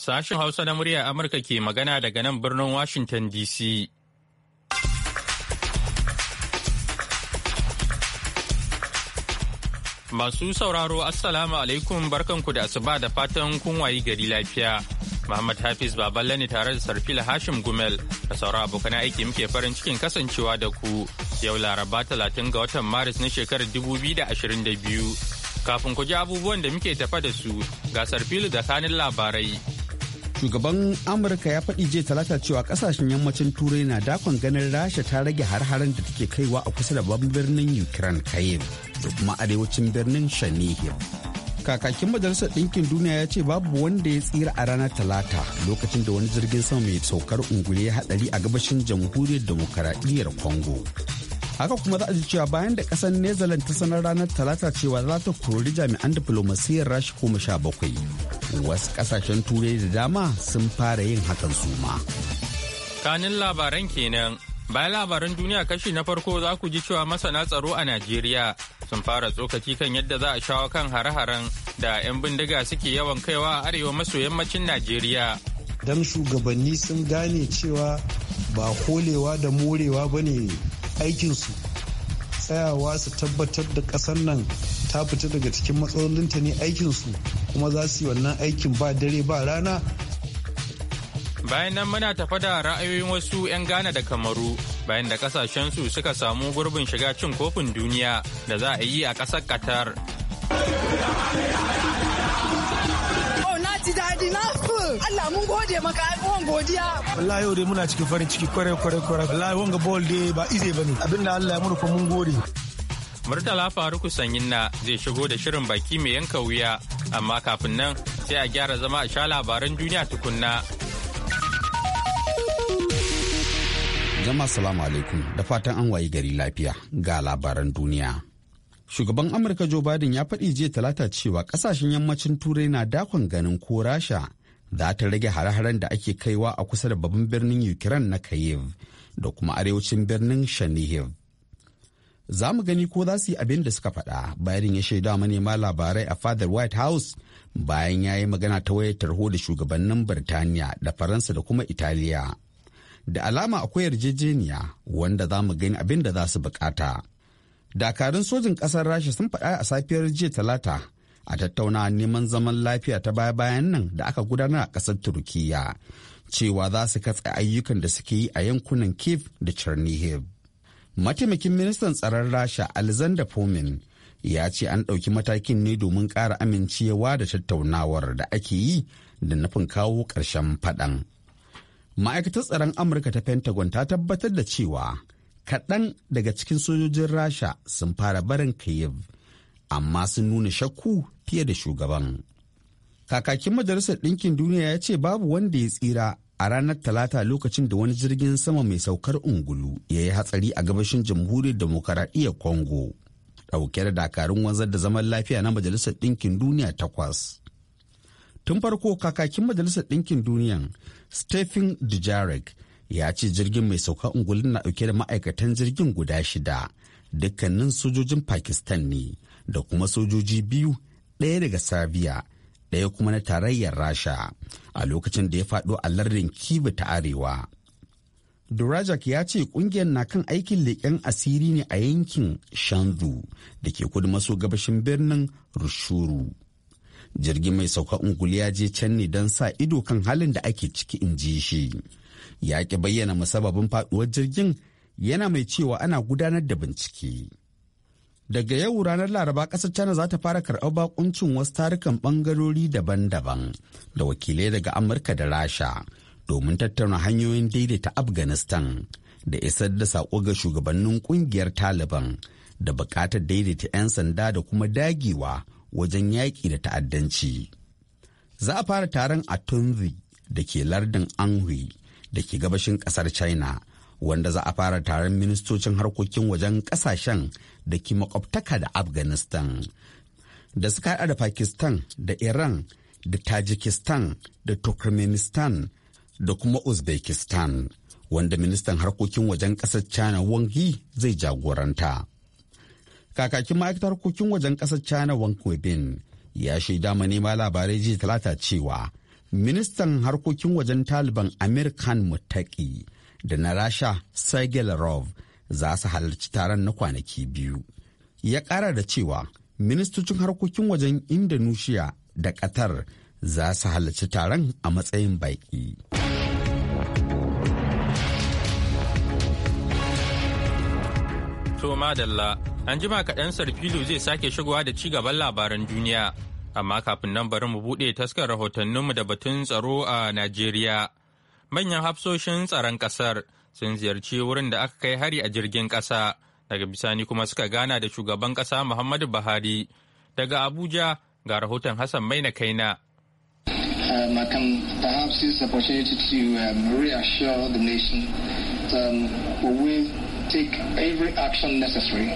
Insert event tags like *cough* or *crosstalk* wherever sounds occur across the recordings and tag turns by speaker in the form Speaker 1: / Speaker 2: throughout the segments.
Speaker 1: Sashen Hausa na muryar Amurka ke magana daga nan birnin Washington DC. Masu sauraro Assalamu alaikum barkanku da asuba da fatan kun wayi gari lafiya. Muhammad Hafiz Baballe ne tare da sarfil Hashim Gumel da sauran abokan aiki muke farin cikin kasancewa da ku yau Laraba 30 ga watan Maris na shekarar 2022. Kafin ku ji abubuwan da muke tafa da su ga Sarfilu da kanin labarai.
Speaker 2: shugaban amurka ya faɗi jiya talata cewa kasashen yammacin turai na dakon ganin rasha ta rage har-haren da take kaiwa a kusa da babban birnin ukraine kayin da kuma arewacin birnin shanihim kakakin majalisar ɗinkin duniya ya ce babu wanda ya tsira a ranar talata lokacin da wani jirgin sama mai saukar ungule ya haɗari a gabashin jamhuriyar demokaradiyyar congo haka kuma za a ji cewa bayan da kasar netherlands ta sanar ranar talata cewa za ta kori jami'an diflomasiyyar rashi goma sha bakwai wasu kasashen turai da dama sun fara yin hakan su ma.
Speaker 1: kanin labaran kenan bayan labaran duniya kashi na farko za ku ji cewa masana tsaro a najeriya sun fara tsokaci kan yadda za a shawo kan hare-haren da 'yan bindiga suke yawan kaiwa a arewa maso yammacin najeriya
Speaker 3: don shugabanni sun gane cewa ba kolewa da morewa ba ne aikinsu tsayawa su tabbatar da ƙasar nan ta fita daga cikin matsalolinta ne aikinsu kuma za su yi wannan aikin ba dare ba rana
Speaker 1: bayan nan muna tafa da ra'ayoyin wasu 'yan ghana da kamaru bayan da kasashensu suka samu gurbin shiga cin kofin duniya da za a yi a ƙasar qatar
Speaker 4: oh, ji daɗi na Allah mun gode maka abubuwan godiya.
Speaker 5: Wallahi yau dai muna cikin farin ciki kwarai kwarai kwarai. Wallahi wanga ball dai ba ize bane. Abinda Allah ya murfa mun gode.
Speaker 1: Murtala Faruku Sanyin na zai shigo da shirin baki mai yanka wuya, amma kafin nan sai a gyara zama a sha labaran duniya tukunna.
Speaker 2: Jama'a salamu alaikum da fatan an wayi gari lafiya ga labaran duniya. Shugaban Amurka Joe Biden ya faɗi jiya talata cewa ƙasashen yammacin Turai na dakon ganin ko Rasha za ta rage hare-haren da ake kaiwa a kusa da babban birnin Ukraine na Kyiv da kuma arewacin birnin shanihiv za mu gani ko za su yi abin da suka faɗa bayan ya shaida manema labarai a fadar white house bayan ya yi magana ta wayar tarho da shugabannin birtaniya da faransa da kuma italiya da alama akwai yarjejeniya wanda za mu gani abin da za su bukata dakarun sojin ƙasar rasha sun faɗa a safiyar jiya talata a tattauna neman zaman lafiya ta baya bayan nan da aka gudanar a ƙasar turkiya cewa za su katse ayyukan da suke yi a yankunan kiev da chernihiv mataimakin ministan tsaron rasha alexander fomin ya ce an ɗauki matakin ne domin ƙara amincewa da tattaunawar da ake yi da nufin kawo ƙarshen faɗan ma'aikatar tsaron amurka ta pentagon ta tabbatar da cewa kaɗan daga cikin sojojin rasha sun fara barin kyiv amma sun nuna shakku fiye da shugaban kakakin majalisar ɗinkin duniya ya ce babu wanda ya tsira a ranar talata lokacin da wani jirgin sama mai saukar ungulu ya yi hatsari a gabashin jamhuriyar demokaradiyyar congo ɗauke da dakarun wanzar da zaman lafiya na majalisar ɗinkin duniya takwas tun farko kakakin majalisar ɗinkin duniya stephen dujarric ya ce jirgin mai saukar ungulun na ɗauke da ma'aikatan jirgin guda shida dukkanin sojojin pakistan ne da kuma sojoji biyu ɗaya daga serbia daya kuma na tarayyar rasha a lokacin da ya faɗo a lardin kibu ta arewa durajak ya ce ƙungiyar na kan aikin leƙen asiri ne a yankin shanzu da ke kudu maso gabashin birnin rushuru jirgin mai sauka ungulu ya je can ne don sa ido kan halin da ake ciki in ji shi ya ƙi bayyana musababin faɗuwar jirgin yana mai cewa ana gudanar da bincike daga yau ranar laraba ƙasar china za ta fara karɓar bakuncin wasu tarukan ɓangarori daban-daban da wakilai daga amurka da rasha domin tattauna hanyoyin daidaita afghanistan da isar da saƙo ga shugabannin ƙungiyar taliban da buƙatar daidaita 'yan sanda da kuma dagewa wajen yaƙi da ta'addanci za a fara taron a tunzi da ke lardin anhui da ke gabashin ƙasar china wanda za a fara taron ministocin harkokin wajen kasashen da ke makwabtaka da afghanistan da suka hada da pakistan da iran da tajikistan da turkmenistan da kuma uzbekistan wanda ministan harkokin wajen kasar china wang zai jagoranta kakakin ma'aikatar harkokin wajen kasar china wang webin ya shaida ma nema labarai jiya talata cewa ministan harkokin wajen taliban amir khan mutaki da na rasha sergei lavrov za su halarci taron na kwanaki biyu ya kara da cewa ministocin harkokin wajen indonesia da qatar za su halarci taron a matsayin baki.
Speaker 1: To madalla, an jima kaɗan sarfilo zai sake shigowa da ci gaban labaran duniya, amma kafin nan bari mu buɗe taskar rahotanninmu da batun tsaro a Najeriya. manyan hafsoshin tsaron ƙasar sun ziyarci wurin da aka kai hari a jirgin ƙasa daga bisani kuma suka gana da shugaban ƙasa muhammadu buhari daga abuja ga rahoton hassan maina kaina
Speaker 5: Um, I can um, um, take every action necessary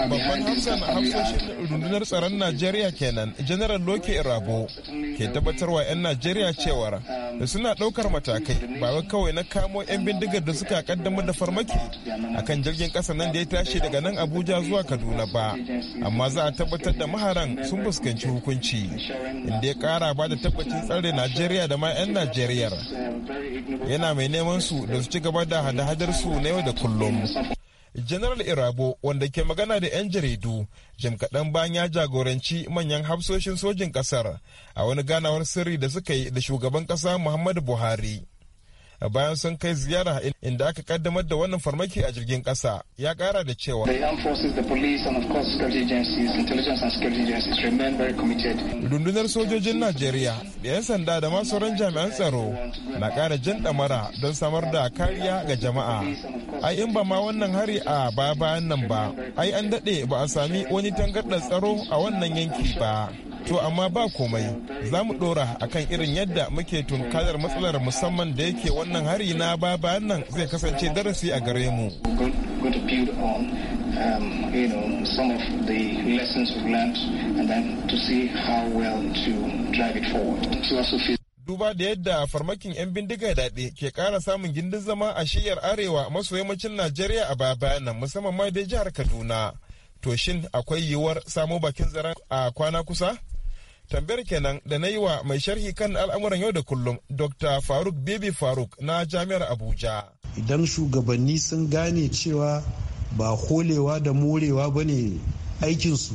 Speaker 6: Babban hamsan hafsoshin rundunar tsaron Najeriya kenan, General Loke Irabo, ke tabbatarwa 'yan Najeriya cewar da suna ɗaukar matakai ba kawai na kamo 'yan bindigar da suka kaddamar da farmaki akan jirgin ƙasa nan da ya tashi daga nan Abuja zuwa Kaduna ba, amma za a tabbatar da maharan sun fuskanci hukunci, inda ya ƙara ba da tabbacin tsare Najeriya da ma 'yan najeriyar Yana mai neman su da su ci gaba da hada-hadar su na yau da kullum. General Irabo wanda ke magana da 'yan jaridu jim kaɗan bayan ya jagoranci manyan hafsoshin sojin ƙasar a wani ganawar sirri da suka yi da shugaban ƙasa Muhammadu Buhari. bayan sun kai ziyara inda aka kaddamar da wannan farmaki a jirgin kasa ya kara da cewa rundunar sojojin najeriya da 'yan sanda da masu ran jami'an tsaro na kara jin damara don samar da kariya ga jama'a ai in ba ma wannan hari a baya bayan nan ba ai an daɗe ba a sami wani tangardar tsaro a wannan yanki ba To amma ba komai za mu ɗora kan irin yadda muke tunkarar matsalar musamman da yake wannan hari na baba nan zai kasance darasi a gare mu. Duba da yadda farmakin 'yan bindiga daɗe ke ƙara samun gindin zama a shiyar arewa maso yammacin Najeriya a baya nan musamman ma dai jihar Kaduna. To shin akwai yiwuwar samo bakin zaren a kwana kusa? Tambayar kenan da na yi wa mai sharhi kan al'amuran yau da kullum Dr. Faruk Bibi Faruk na Jami'ar Abuja.
Speaker 3: Idan shugabanni sun gane cewa ba holewa da morewa ba ne aikinsu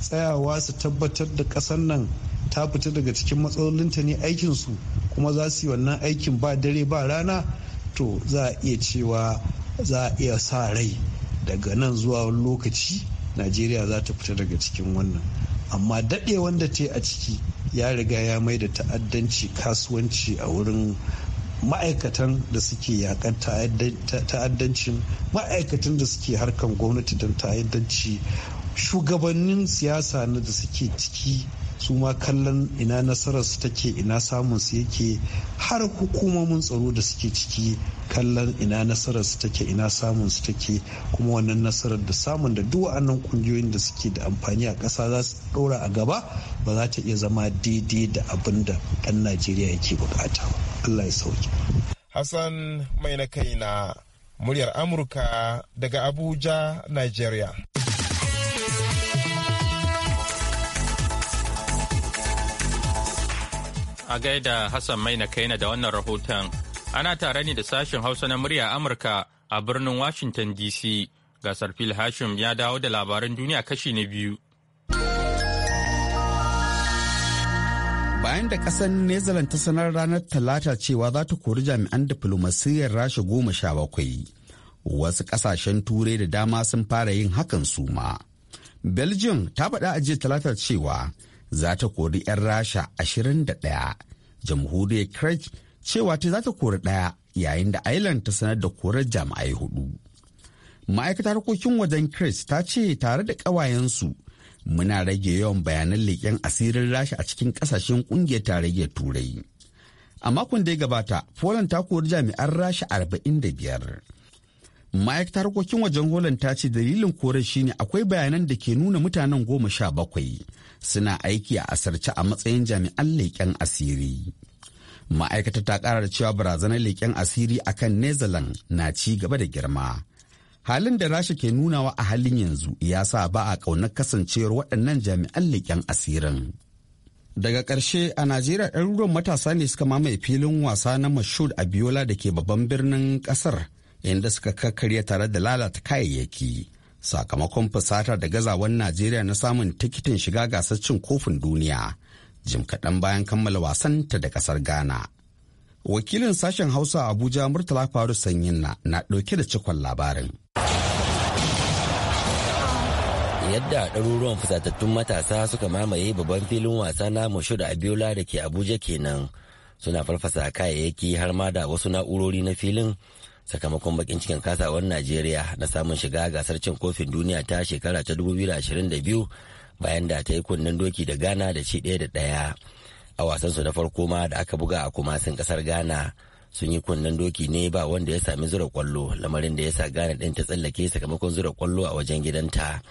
Speaker 3: tsayawa su tabbatar da ƙasar nan ta fita daga cikin matsalolinta ne aikinsu kuma za su yi wannan aikin ba dare ba rana to za a iya cewa za a iya sa rai daga nan zuwa lokaci najeriya za ta fita daga cikin wannan amma daɗe wanda ta a ciki ya riga ya mai da ta'addanci kasuwanci a wurin ma'aikatan da suke yakan ta'addancin ma'aikatan da suke harkan gwamnati don ta'addanci shugabannin siyasa na da suke ciki su ma kallon ina nasarar su take ina samun su yake har hukumomin tsaro da suke ciki kallon ina nasarar su take ina samun su take kuma wannan nasarar da samun da duk wa'annan kungiyoyin da suke da amfani a ƙasa za su ɗora a gaba ba za ta iya zama daidai da abin da ɗan Najeriya yake bukata ba. Allah ya sauke.
Speaker 6: Hassan mai na kai na muryar Amurka daga Abuja, Nigeria.
Speaker 1: A gaida Hassan kai na da wannan rahoton. Ana tare ne da sashen Hausa na murya Amurka a birnin Washington DC. Gasar Phil Hashim ya dawo da labaran duniya kashi na biyu.
Speaker 2: bayan da kasar Nezalan ta sanar ranar talata cewa za ta kori jami'an diflomasiyyar rasha goma sha bakwai wasu kasashen turai da dama sun fara yin hakan su ma belgium ta faɗa a jiya talata cewa za ta kori 'yan rasha 21 jamhuriyar craig cewa ta za ta kori ɗaya yayin da Ireland ta sanar da korar jami'ai hudu ma'aikatar harkokin wajen chris ta ce tare da ƙawayensu muna rage yawan bayanan leƙen asirin rasha a cikin ƙasashen ƙungiyar tarayyar turai a makon da ya gabata poland ta kori jami'an rasha arba'in da biyar. ma'aikatar harkokin wajen holland ta ce dalilin koren shine akwai bayanan da ke nuna mutanen goma sha bakwai suna aiki a asarce a matsayin jami'an leƙen asiri ma'aikata ta ƙara da cewa barazanar leƙen asiri a kan netherland na ci gaba da girma halin da rasha ke nunawa a halin yanzu ya sa ba a ƙaunar kasancewar waɗannan jami'an leƙen asirin daga ƙarshe a najeriya ɗaruruwan matasa ne suka mamaye filin wasa na mashud abiola da ke babban birnin ƙasar inda suka kakkarya tare da lalata kayayyaki sakamakon fusata da gazawan najeriya na samun tikitin shiga gasar cin kofin duniya jim kaɗan bayan kammala wasan ta da ƙasar ghana wakilin sashen hausa abuja murtala faru sanyin na na ɗauke da cikon labarin
Speaker 7: yadda ɗaruruwan fusatattun matasa suka mamaye babban filin wasa na da abiola da ke abuja kenan suna farfasa kayayyaki har ma da wasu na'urori na filin sakamakon bakin cikin kasawar najeriya na samun shiga gasar cin kofin duniya ta shekara ta 2022 bayan da ta yi kunnen doki da ghana da ci daya da ɗaya a wasansu na farko ma da aka buga a kumasin kasar ghana sun yi kunnen doki ne ba wanda ya sami zura kwallo lamarin da ya sa ghana ɗin ta tsallake sakamakon zura kwallo a wajen gidanta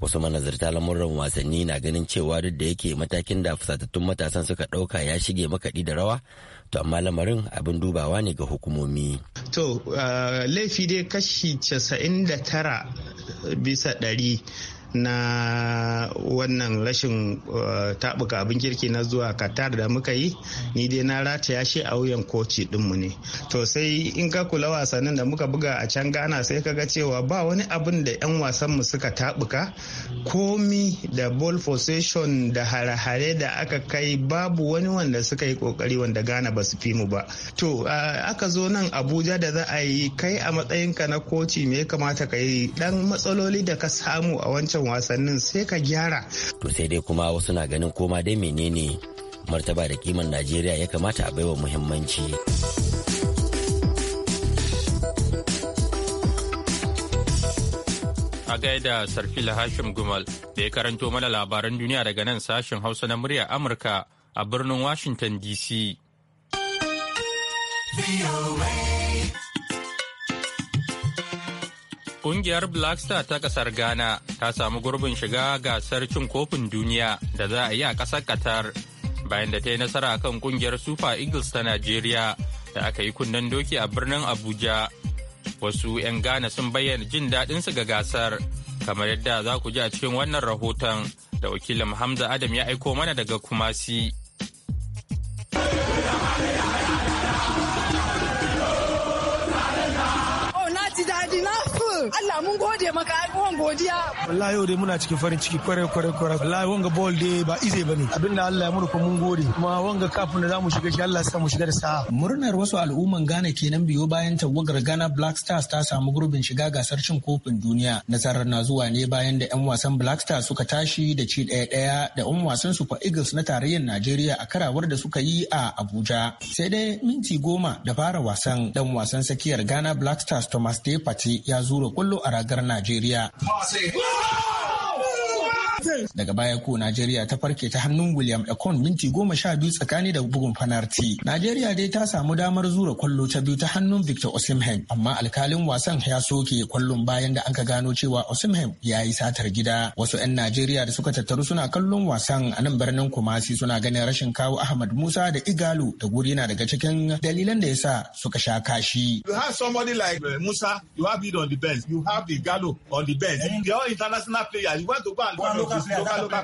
Speaker 7: wasu manazarta lamuran wasanni na ganin cewa duk da yake matakin da fusatattun matasan suka ɗauka ya shige makaɗi da rawa to amma lamarin abin dubawa ne ga hukumomi
Speaker 5: to uh, laifi dai kashi 99 bisa ɗari na wannan rashin eh, tabuka abin kirki na zuwa qatar da muka yi ni dai na rataya shi a wuyan koci dinmu ne to sai in ka kula wasannin da muka buga a can gana sai ka ga cewa ba wani abin da 'yan wasan mu suka tabuka komi da ball possession da hare-hare da aka kai babu wani wanda suka yi kokari wanda gana ba su fi mu ba to aka zo nan abuja da za a yi kai a matsayinka na koci me ya kamata ka yi dan matsaloli da ka samu a wancan son wasannin sai ka gyara.
Speaker 7: To sai dai kuma wasu na ganin koma dai menene martaba da kiman Najeriya ya kamata a baiwa muhimmanci.
Speaker 1: A gaida Sarfila Hashim Gumal da ya karanto mana labaran duniya daga nan sashen Hausa na murya Amurka a birnin Washington DC. Kungiyar Black Star ta kasar Ghana ta samu gurbin shiga gasar cin kofin duniya da za a yi a kasar Qatar bayan da ta yi nasara kan kungiyar Super Eagles ta Najeriya da aka yi kunnen doki a birnin Abuja. Wasu 'yan Ghana sun bayyana jin daɗinsu ga gasar kamar yadda za ku ji a cikin wannan rahoton da wakilin Hamza Adam ya aiko mana daga Kumasi.
Speaker 3: Allah mun gode
Speaker 8: maka ai wan godiya wallahi
Speaker 5: yau dai muna cikin farin ciki kware kware kware wallahi wanga ball dai ba ize bane abinda Allah ya ko mun gode kuma wanga kafin da zamu shiga shi Allah ya sa mu shiga da sa. murnar wasu al'umman Ghana kenan biyo bayan tawagar Ghana Black Stars ta samu gurbin shiga gasar cin kofin duniya nasarar na zuwa ne bayan da yan wasan Black Stars suka tashi da ci ɗaya ɗaya da yan wasan Super Eagles na tarayyar Najeriya a karawar da suka yi a Abuja sai dai minti goma da fara wasan dan wasan tsakiyar Ghana Black Stars Thomas Depati ya zuro kwallo a ragar Najeriya. Daga baya ko Najeriya ta farke ta hannun William Ekon minti goma sha biyu tsakani da bugun fanarti. Najeriya dai ta samu damar zura kwallo ta biyu ta hannun Victor Osimhen amma alkalin wasan ya soke kwallon bayan da aka gano cewa Osimhen ya yi satar gida. Wasu 'yan Najeriya da suka tattaru suna kallon wasan a nan birnin Kumasi suna ganin rashin kawo Ahmad Musa da Igalo da guri na daga cikin dalilan da ya sa suka sha kashi. You have somebody like uh, Musa, you have it on the bench, you have Igalo on the bench. They international players. You want to go and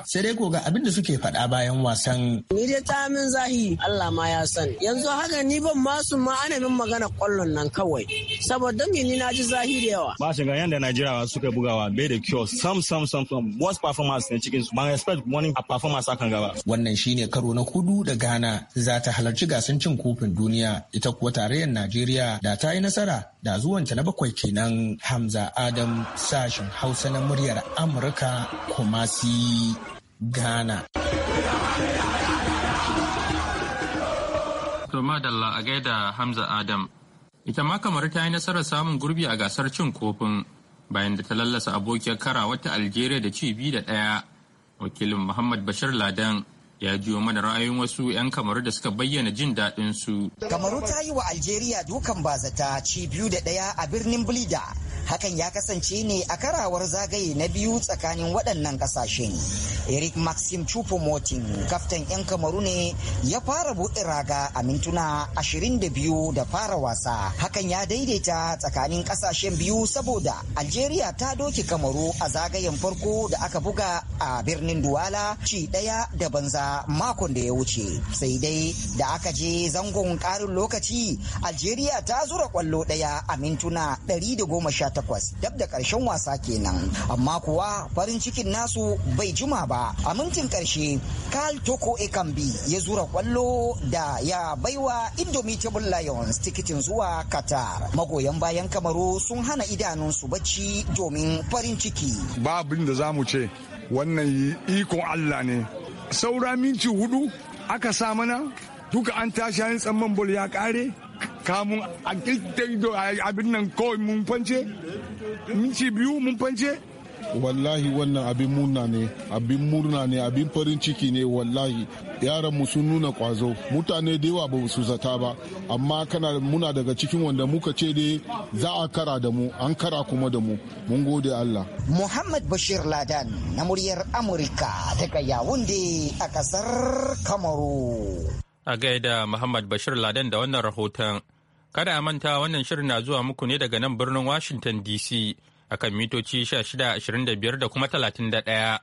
Speaker 5: sai ko ga abin da suke faɗa bayan wasan.
Speaker 7: Ni dai ta min zahi Allah ma ya sani. Yanzu haka ni ban masu ma ana min magana kwallon nan kawai. Saboda me ni na ji zahi da yawa.
Speaker 5: Ba ga yanda Najeriya suka bugawa bai da kyau sam sam sam sam worst performance ne cikin su. Ban expect wani a performance akan gaba. Wannan shine karo na kudu da Ghana za ta halarci gasar cin kofin duniya ita kuwa tarayyar Najeriya da ta yi nasara da zuwanta na bakwai kenan Hamza Adam sashen Hausa na muryar Amurka Kumasi Ghana.
Speaker 1: To madalla a gaida Hamza Adam. Ita ma kamar ta yi nasarar samun gurbi a gasar cin kofin bayan da ta lallasa abokiyar kara wata Algeria da ci biyu da ɗaya. Wakilin Muhammad Bashir Ladan ya jiwo mana ra'ayin wasu 'yan kamaru da suka bayyana jin daɗin su.
Speaker 9: Kamaru ta yi wa Algeria dukan bazata ci biyu da ɗaya a birnin Blida hakan ya kasance ne a karawar zagaye na biyu tsakanin waɗannan ƙasashen eric maxim chupomotin kaftan 'yan kamaru ne ya fara buɗe raga a mintuna 22 da fara wasa hakan ya daidaita tsakanin ƙasashen biyu saboda algeria ta doki kamaru a zagayen farko da aka buga a birnin duwala ci ɗaya da banza makon da ya wuce sai dai da aka je zangon ƙarin lokaci algeria ta zura ƙwallo ɗaya a mintuna 119 takwas dab da ƙarshen wasa kenan amma kuwa farin cikin nasu bai jima ba a mintin ƙarshe Karl Toko Ekambi ya zura kwallo da ya baiwa Indomitable Lions tikitin zuwa Qatar magoyan bayan Kamaru sun hana idanunsu bacci domin farin ciki
Speaker 6: ba abin da za mu ce wannan ikon Allah ne saura minti hudu aka sa mana duka an tashi hanyar tsamman bol ya kare kamun abin nan kawai mun fance minti biyu mun fance wallahi wannan abin murna ne abin murna ne abin farin ciki ne wallahi yaran mu sun nuna kwazo mutane da yawa ba su zata ba amma kana muna daga cikin wanda muka ce dai za a kara da mu an kara kuma da mu mun gode Allah
Speaker 9: Muhammad Bashir Ladan na muryar Amurka daga Yawunde a kasar Kamaru
Speaker 1: A gaida Muhammad Bashir Laden da wannan rahoton. Kada a manta wannan shirin na zuwa muku ne daga nan birnin Washington DC a kan mitoci 1625 da kuma 31.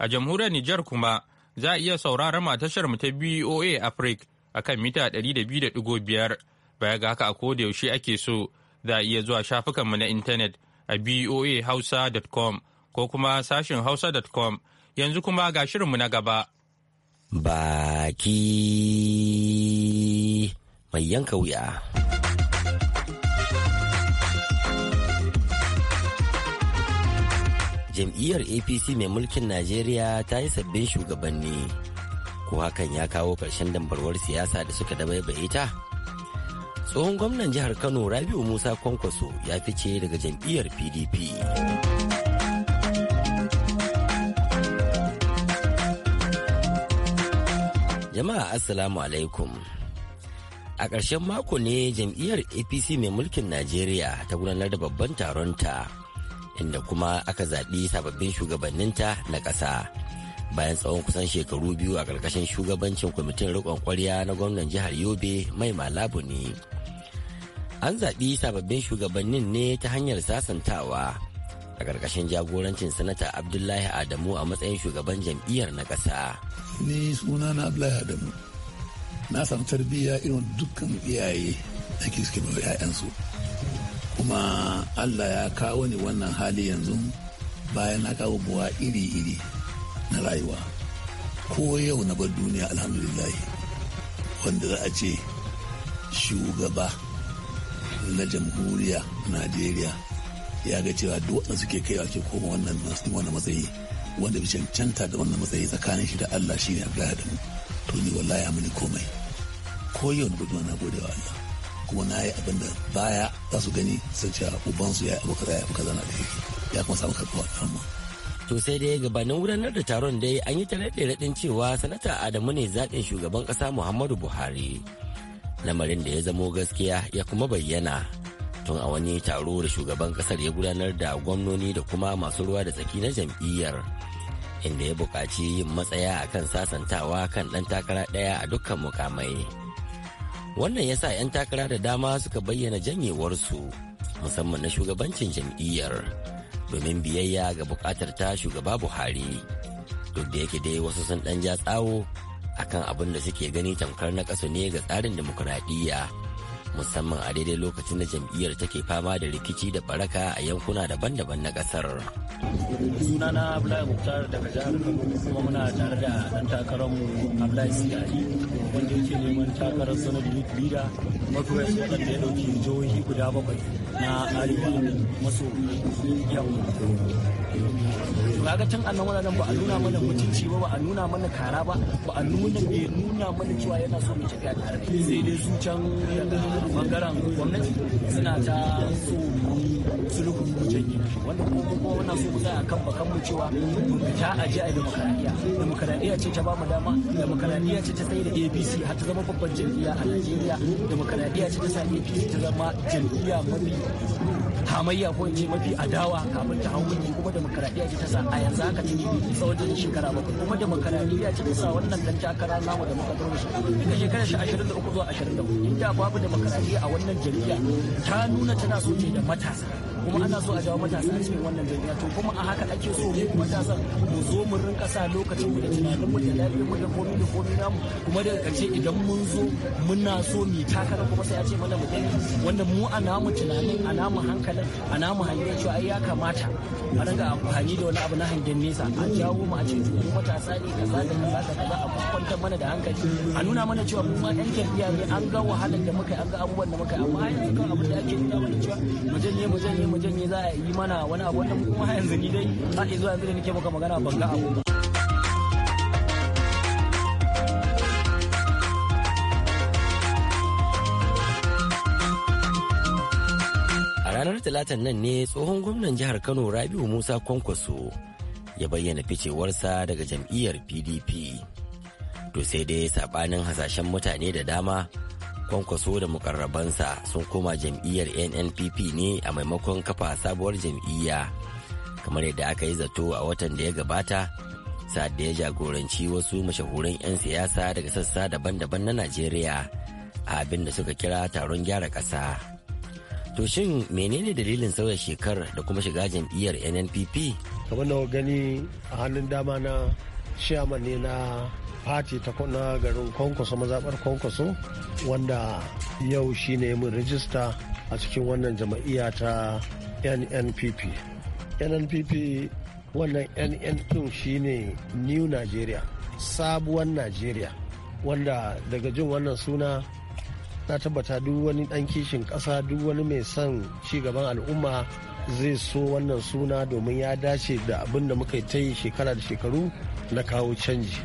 Speaker 1: A jamhuriyar Nijar kuma za a iya sauraron tashar mu ta BOA Africa kan mita 200.5 baya ga haka a koda yaushe ake so za a iya zuwa shafukanmu na intanet a boahausa.com ko kuma sashin hausa.com yanzu kuma ga shirinmu na gaba.
Speaker 7: baki mai yanka wuya. Jam'iyyar APC mai mulkin Najeriya ta yi sabbin shugabanni, ko hakan ya kawo ƙarshen dambarwar siyasa da suka dabaibaye ta? Tsohon gwamnan jihar Kano Rabiu Musa Kwankwaso ya fice daga jam'iyyar PDP. Jama'a Assalamu alaikum. A ƙarshen mako ne jam'iyyar APC mai mulkin Najeriya ta gudanar da babban taronta inda kuma aka zaɓi sababbin shugabanninta na ƙasa. Bayan tsawon kusan shekaru biyu a ƙarƙashin shugabancin kwamitin riƙon ƙwarya na gwamnan jihar Yobe mai malabu ne. An zaɓi sababbin shugabannin ne ta hanyar sasantawa. a ƙarƙashin jagorancin sanata abdullahi adamu a matsayin shugaban jam'iyyar na ƙasa
Speaker 3: ni suna na abdullahi adamu na samu tarbiyya irin dukkan iyaye da ke suke mai 'ya'yansu kuma allah ya kawo ni wannan hali yanzu bayan na kawo buwa iri-iri na rayuwa ko yau na
Speaker 8: bar duniya alhamdulillah wanda za a ce shugaba na jamhuriya najeriya ya ga cewa duk wanda suke kaiwa ke koma wannan wannan matsayi wanda bi cancanta da wannan matsayi tsakanin shi da Allah shi ne abu da mu to ni wallahi amini komai ko yau na gudu na gode wa Allah kuma na yi abin da baya za su gani sun ce ubansu ya yi abu kaza ya abu kaza na da yake ya kuma samu karɓuwa amma
Speaker 7: to sai dai gabanin gudanar da taron dai an yi tare da cewa sanata adamu ne zaɓin shugaban ƙasa muhammadu buhari lamarin da ya zamo gaskiya ya kuma bayyana tun a wani taro da shugaban kasar ya gudanar da gwamnoni da kuma masu ruwa da tsaki na jam'iyyar inda ya buƙaci yin matsaya a kan sasantawa kan ɗan takara ɗaya a dukkan mukamai wannan ya sa 'yan takara da dama suka bayyana janyewarsu musamman na shugabancin jam'iyyar domin biyayya ga buƙatar ta shugaba buhari duk da yake dai wasu sun ɗan ja tsawo akan abin da suke gani tamkar na ne ga tsarin dimokuraɗiyya musamman a daidai lokacin da jam'iyyar take fama da rikici da baraka a yankuna daban-daban na kasar.
Speaker 4: sunana abdullahi muktar daga jihar kano kuma muna tare da dan takararmu abdullahi siyari wanda yake neman takarar sanar youth leader mafi wasu wadanda ya dauki jihohi guda bakwai na arewa maso yamma kaga tun annan wannan ba a nuna mana mutunci ba ba a nuna mana kara ba ba a nuna ya nuna mana cewa yana so mu tafiya tare sai dai su can bangaren gwamnati suna ta so sulhu mu janye wanda ko kuma wannan so kusa a kan bakan mu cewa mu fita a ji a demokaradiyya demokaradiyya ce ta ba mu dama demokradiya ce ta sai da APC har ta zama babban jam'iyya a Najeriya demokradiya ce ta sa APC ta zama jam'iyya mafi hamayya ko in ce mafi adawa kafin ta hawo ne kuma demokradiya ce ta sa a yanzu haka ciki tsawon shekara bakwai kuma demokaradiyya ce ta sa wannan dan takara namu da muka dora shi daga shekarar shi ashirin da uku zuwa ashirin da inda babu demokaradiyya a wannan jam'iyya ta nuna tana so ce da matasa kuma ana so a jawo matasa cikin wannan jami'a to kuma a haka ake so mu matasa mu zo mu rinka sa lokacin mu da tunanin mu da lafiyar mu da komai da komai namu kuma daga karshe idan mun zo muna so mu takara kuma sai a ce mana mu dai wanda mu a namu tunanin a namu hankalin a namu hangen cewa ai ya kamata a rinka amfani da wani abu na hangen nesa a jawo mu a ce mu matasa ne kaza da kaza da kaza kwantar mana da hankali a nuna mana cewa mu ma yan tafiya ne an ga wahalar da muka an ga abubuwan da muka amma yanzu kan abin da ake nuna mana cewa mu janye mu janye mu janye za a yi mana wani abu wanda kuma yanzu ni dai har zuwa yanzu da nake maka magana ban ga abu
Speaker 7: ranar talatan nan ne tsohon gwamnan jihar kano rabiu musa kwankwaso ya bayyana ficewarsa daga jam'iyyar pdp to sai dai sabanin hasashen mutane da dama kwankwaso da mukarrabansa sun koma jam'iyyar nnpp ne a maimakon kafa sabuwar jam'iyya kamar yadda aka yi zato a watan da ya gabata sa'ad da ya jagoranci wasu mashahuran 'yan siyasa daga sassa daban-daban na najeriya a abin da suka kira taron gyara ƙasa to shin menene dalilin sauya shekar da kuma shiga jam'iyyar nnpp
Speaker 8: kamar na gani a hannun dama na shaman ne na fati ta kuna garin kwankwaso mazaɓar kwankwaso wanda yau shi ne mun rijista a cikin wannan jama'iyya ta nnpp nnpp wannan nn din shi ne new nigeria sabuwan nigeria wanda daga jin wannan suna na tabbata duk wani dan kishin kasa duk wani mai son gaban al'umma zai so wannan suna domin ya dace da abin da muka yi ta yi shekara da shekaru na kawo canji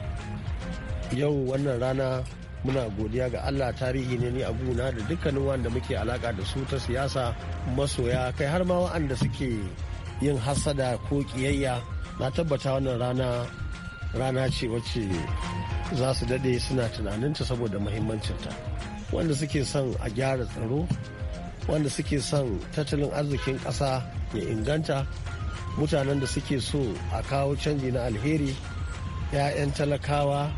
Speaker 8: yau wannan rana muna godiya ga allah tarihi ne ni abuna da dukkanin wanda muke alaka da su ta siyasa masoya kai har ma wa'anda suke yin hasada ko kiyayya na tabbata wannan rana rana ce wacce za su daɗe suna tunaninta saboda muhimmancinta wanda suke son a gyara tsaro wanda suke son tattalin arzikin ƙasa ya inganta mutanen da suke so a kawo canji na alheri 'ya'yan talakawa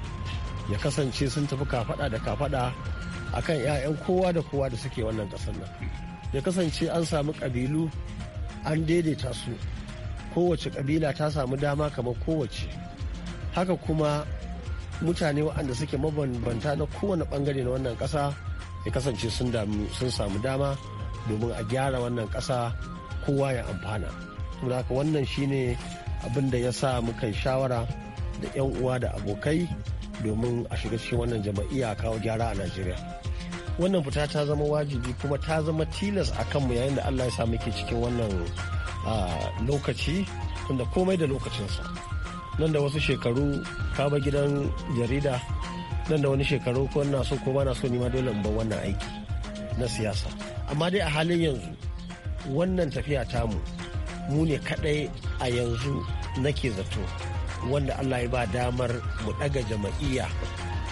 Speaker 8: ya kasance sun tafi kafada da kafada kan 'ya'yan kowa da kowa da suke wannan kasar nan ya kasance an samu kabilu an daidaita su kowace kabila ta samu dama kamar kowace haka kuma mutane waɗanda suke mabambanta na kowane bangare na wannan ƙasa ya kasance sun samu dama domin a gyara wannan ƙasa kowa ya amfana wannan shine abin da ya sa mukan shawara da 'yan uwa da abokai domin a shiga cikin wannan jama'iyya a kawo gyara a najeriya wannan fita ta zama wajibi kuma ta zama tilas a kanmu yayin da allah ya sa muke cikin wannan lokaci tunda komai da lokacinsa nan da wasu shekaru ka ba gidan jarida nan da wani shekaru ko na so ko ba na so nima dole in ba wannan aiki na siyasa amma dai a halin yanzu wannan tafiya tamu mu ne kadai a yanzu nake zato wanda allah ya ba damar mu ɗaga jama'iyya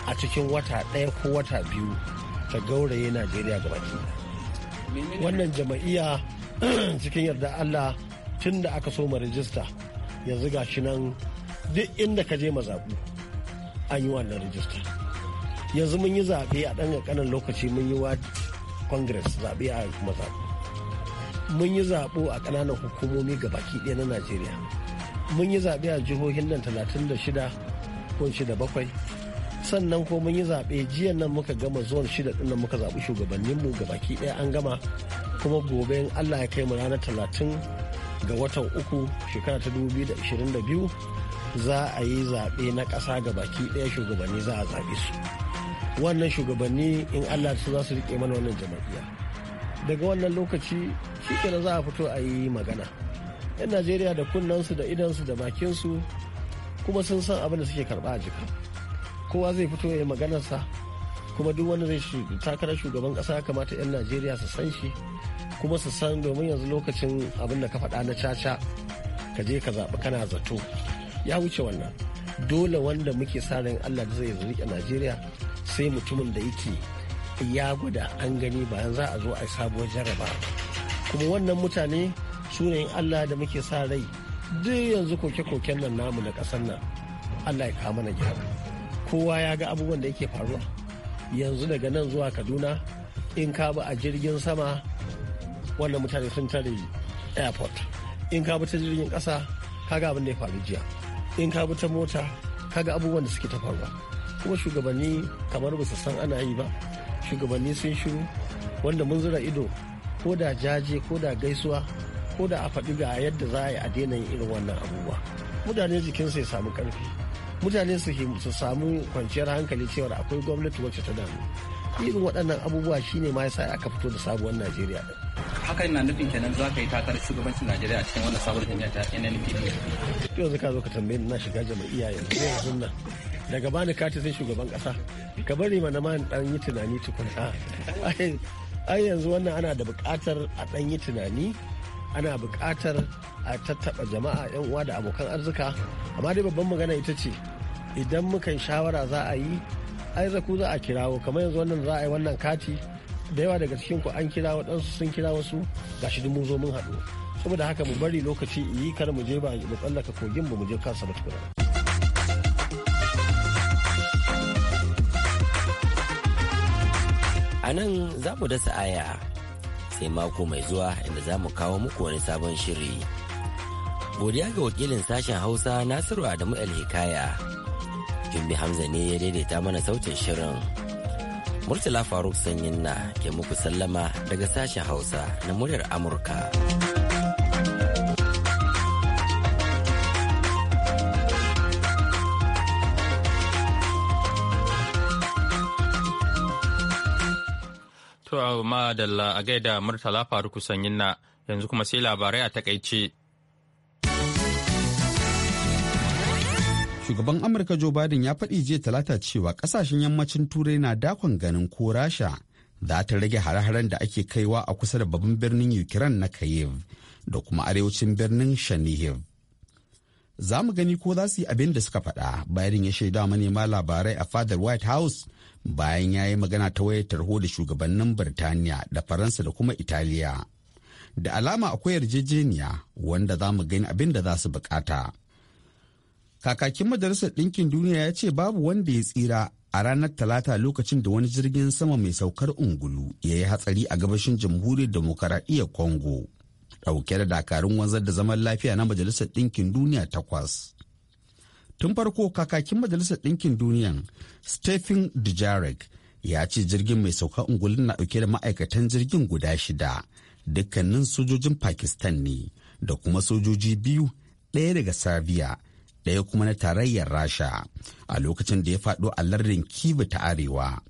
Speaker 8: a cikin wata ɗaya ko wata biyu ta gauraye najeriya ga baki wannan jama'iyya *clears throat* cikin yarda allah tun da aka so ma rijista yanzu ga shi nan duk inda ka je mazaɓu an yi wannan rijista yanzu mun yi zaɓe a ɗan ƙanƙanin lokaci mun yi wa congress zaɓe a mazaɓu mun yi zaɓo a ƙananan hukumomi ga baki ɗaya na najeriya mun yi zaɓe a jihohin nan 36 ko 67 sannan ko mun yi zaɓe jiya nan muka gama zuwan shida ɗin nan muka zaɓi shugabanninmu ga baki ɗaya an gama kuma gobe in allah ya kai mu ranar talatin ga watan uku shekara ta 2022 za a yi zaɓe na ƙasa ga baki ɗaya shugabanni za a zaɓe su wannan shugabanni in allah su za su riƙe mana wannan jama'iyya daga wannan lokaci shi za a fito a yi magana 'yan najeriya da kunnansu da idansu da bakinsu kuma sun san abin da suke karba a jika kowa zai fito ya yi maganarsa kuma duk wani zai takarar shugaban kasa kamata 'yan najeriya su san shi kuma su san domin yanzu lokacin abin da ka faɗa na caca ka je ka zaɓi kana zato ya wuce wannan dole wanda muke sa ran allah da zai riƙe najeriya sai mutumin da yake ya gwada an gani bayan za a zo a yi sabuwar jaraba kuma wannan mutane su ne allah da muke sa rai duk yanzu koke-koken nan namu na ƙasar nan allah ya kama na gyara kowa ya ga abubuwan da yake faruwa yanzu daga nan zuwa kaduna in ka bi a jirgin sama wannan mutane sun tare airport in ka bi ta jirgin ƙasa kaga abin da ya faru jiya in ka bi ta mota kaga abubuwan da suke ta faruwa kuma shugabanni kamar ba su san ana yi ba shugabanni sun shiru wanda mun zura ido ko da jaje ko da gaisuwa ko da a faɗi ga yadda za a yi a daina irin wannan abubuwa mutane jikin ya samu ƙarfi mutane su su samu kwanciyar hankali cewar akwai gwamnati wacce ta damu irin waɗannan abubuwa shine ma yasa aka fito da sabuwar najeriya ɗin
Speaker 4: hakan na nufin kenan za ka yi takarar shugabancin najeriya a cikin wannan sabuwar jami'a ta nnpp
Speaker 8: yanzu ka zo ka tambaye na shiga jama'iya yanzu yanzu nan daga bani kati sai shugaban ƙasa ka bari mana ma dan yi tunani tukuna ai yanzu wannan ana da buƙatar a dan yi tunani ana buƙatar a tattaɓa jama'a 'yan uwa da abokan arzika amma dai babban magana ita ce idan muka shawara za a yi ai zaku za a kirawo kamar yanzu wannan za a yi wannan kati da yawa daga cikin ku an kira waɗansu sun kira wasu gashi duk mun zo mun haɗu saboda haka mu bari lokaci yi kar mu je ba mu tsallaka kogin ba mu je kasa ba tukuna.
Speaker 7: A nan za mu dasa aya sai mako mai zuwa inda za mu kawo muku wani sabon shiri. Godiya ga wakilin sashen Hausa Nasiru Adamu Hikaya. Jumbi Hamza ne ya daidaita mana sautin shirin. Murtala Faruk Sanyin na ke muku sallama daga sashen Hausa na muryar Amurka.
Speaker 1: da a gaida murtala faru kusan na yanzu kuma sai labarai a takaice.
Speaker 2: Shugaban Amurka Joe Biden ya faɗi jiya talata cewa ƙasashen yammacin turai na dakon ganin ko rasha za ta rage hare-haren da ake kaiwa a kusa da babban birnin Ukraine na Kyiv da kuma arewacin birnin Shanihiv. Za mu gani ko za su yi abin da suka faɗa, Biden ya shaida manema labarai a fadar White House bayan ya yi magana ta wayar tarho da shugabannin Birtaniya da Faransa da kuma Italiya. Da alama akwai yarjejeniya wanda za mu gani abin da za su bukata. Kakakin Majalisar Ɗinkin Duniya ya ce babu wanda ya tsira a ranar Talata lokacin da wani jirgin sama mai saukar ungulu ya yi hatsari a gabashin jamhuriyar demokaradiyyar Congo. Ɗauke da dakarun wanzar da zaman lafiya na Majalisar Ɗinkin Duniya takwas. tun farko kakakin majalisar ɗinkin duniyan stephen dujarric ya ce jirgin mai sauka ungulin na ɗauke da ma'aikatan jirgin guda shida dukkanin sojojin pakistan ne da kuma sojoji biyu ɗaya daga serbia ɗaya kuma na tarayyar rasha a lokacin da ya faɗo a lardin kivu ta arewa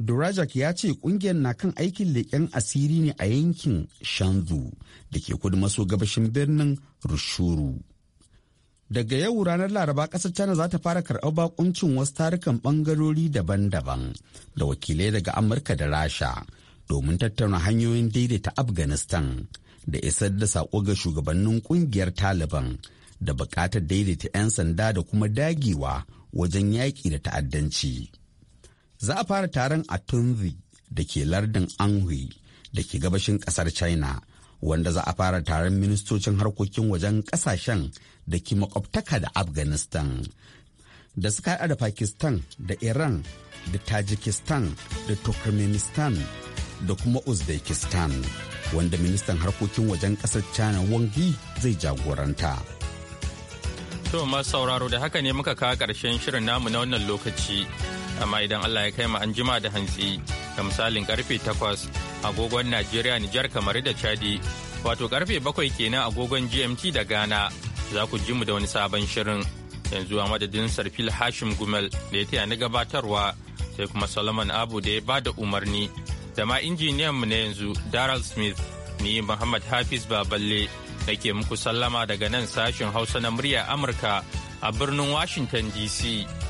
Speaker 2: durajak ya ce ƙungiyar na kan aikin leƙen asiri ne a yankin shanzu da ke kudu maso gabashin birnin rushuru daga yau ranar laraba ƙasar china za ta fara karɓar bakuncin wasu tarukan ɓangarori daban-daban da wakilai daga amurka da rasha domin tattauna hanyoyin daidaita afghanistan da isar da sako ga shugabannin ƙungiyar taliban da buƙatar daidaita 'yan sanda da kuma dagewa wajen yaƙi da ta'addanci za a fara taron a tunzi da ke lardin anhui da ke gabashin ƙasar china wanda za a fara taron ministocin harkokin wajen kasashen da ke makwabtaka da afghanistan da suka hada da pakistan da iran da tajikistan da turkmenistan da kuma uzbekistan wanda ministan harkokin wajen kasar china wangi zai jagoranta
Speaker 1: to masu sauraro da haka ne muka kawo karshen shirin namu na wannan lokaci amma idan Allah ya kai mu an jima da hantsi da misalin karfe takwas agogon Najeriya Nijar kamar da Chadi wato karfe bakwai kenan agogon GMT da Ghana za ku ji mu da wani sabon shirin yanzu a madadin Sarfil Hashim Gumel da ya taya ni gabatarwa sai kuma Solomon Abu da ya ba da umarni da ma injiniyan mu na yanzu Daryl Smith ni Muhammad Hafiz Baballe nake muku sallama daga nan sashin Hausa na murya Amurka a birnin Washington DC.